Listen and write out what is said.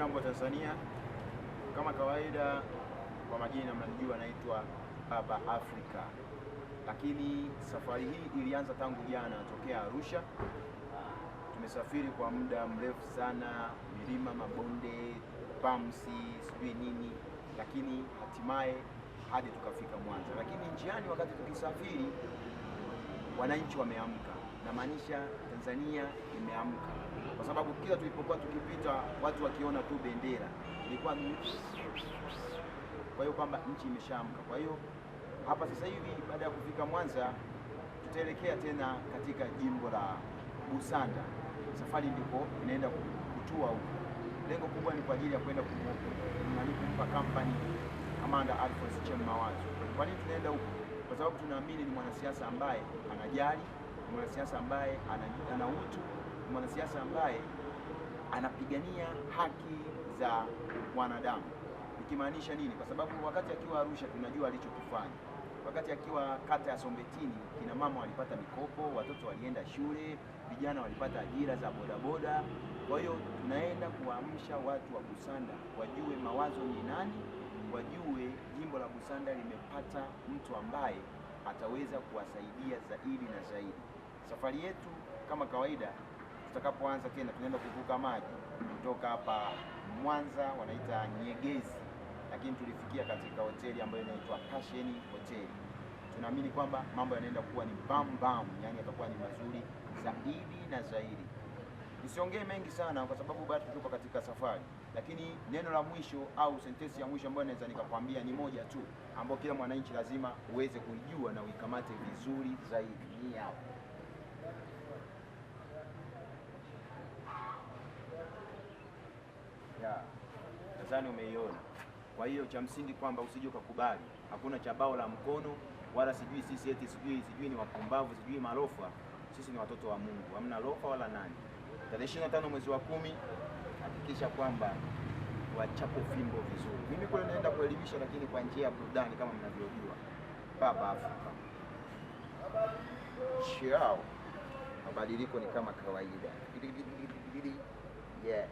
Jambo Tanzania, kama kawaida, kwa majina mnamjua, anaitwa Baba afrika lakini safari hii ilianza tangu jana tokea Arusha. Tumesafiri kwa muda mrefu sana, milima, mabonde, pamsi, sijui nini, lakini hatimaye hadi tukafika Mwanza. Lakini njiani, wakati tukisafiri, wananchi wameamka, namaanisha Tanzania imeamka sababu kila tulipokuwa tukipita watu wakiona tu bendera ilikuwa kwa hiyo kwamba nchi imeshaamka. Kwa hiyo hapa sasa hivi baada ya kufika Mwanza tutaelekea tena katika jimbo la Busanda, safari ndipo inaenda kutua huko. Lengo kubwa ni kwa ajili ya kwenda kumpa kampani Kamanda Alphonce Chem Mawazo. Kwa nini tunaenda huko? Kwa sababu tunaamini ni mwanasiasa ambaye anajali, mwanasiasa ambaye ana utu mwanasiasa ambaye anapigania haki za wanadamu. Ikimaanisha nini? Kwa sababu wakati akiwa Arusha tunajua alichokifanya. Wakati akiwa kata ya Sombetini, kina mama walipata mikopo, watoto walienda shule, vijana walipata ajira za bodaboda. Kwa hiyo tunaenda kuwaamsha watu wa Busanda wajue mawazo ni nani, wajue jimbo la Busanda limepata mtu ambaye ataweza kuwasaidia zaidi na zaidi. Safari yetu kama kawaida tutakapoanza tena tunaenda kuvuka maji kutoka hapa Mwanza wanaita Nyegezi, lakini tulifikia katika hoteli ambayo inaitwa Passion Hotel. Tunaamini kwamba mambo yanaenda kuwa ni bam bam, yani yatakuwa ni mazuri zaidi na zaidi. Nisiongee mengi sana kwa sababu bado tuko katika safari, lakini neno la mwisho au sentensi ya mwisho ambayo naweza nikakwambia ni moja tu, ambayo kila mwananchi lazima uweze kuijua na uikamate vizuri zaidi, ni hapo kadhaa, nadhani umeiona. Kwa hiyo cha msingi kwamba usije ukakubali, hakuna cha bao la mkono wala sijui sisi eti sijui sijui ni wapumbavu sijui marofa Sisi ni watoto wa Mungu, hamna lofa wala nani. Tarehe 25 mwezi wa kumi, hakikisha kwamba wachape fimbo vizuri. Mimi kule naenda kuelimisha, lakini kwa njia ya burudani kama mnavyojua. Baba Afrika Shiao, mabadiliko ni kama kawaida. Yeah.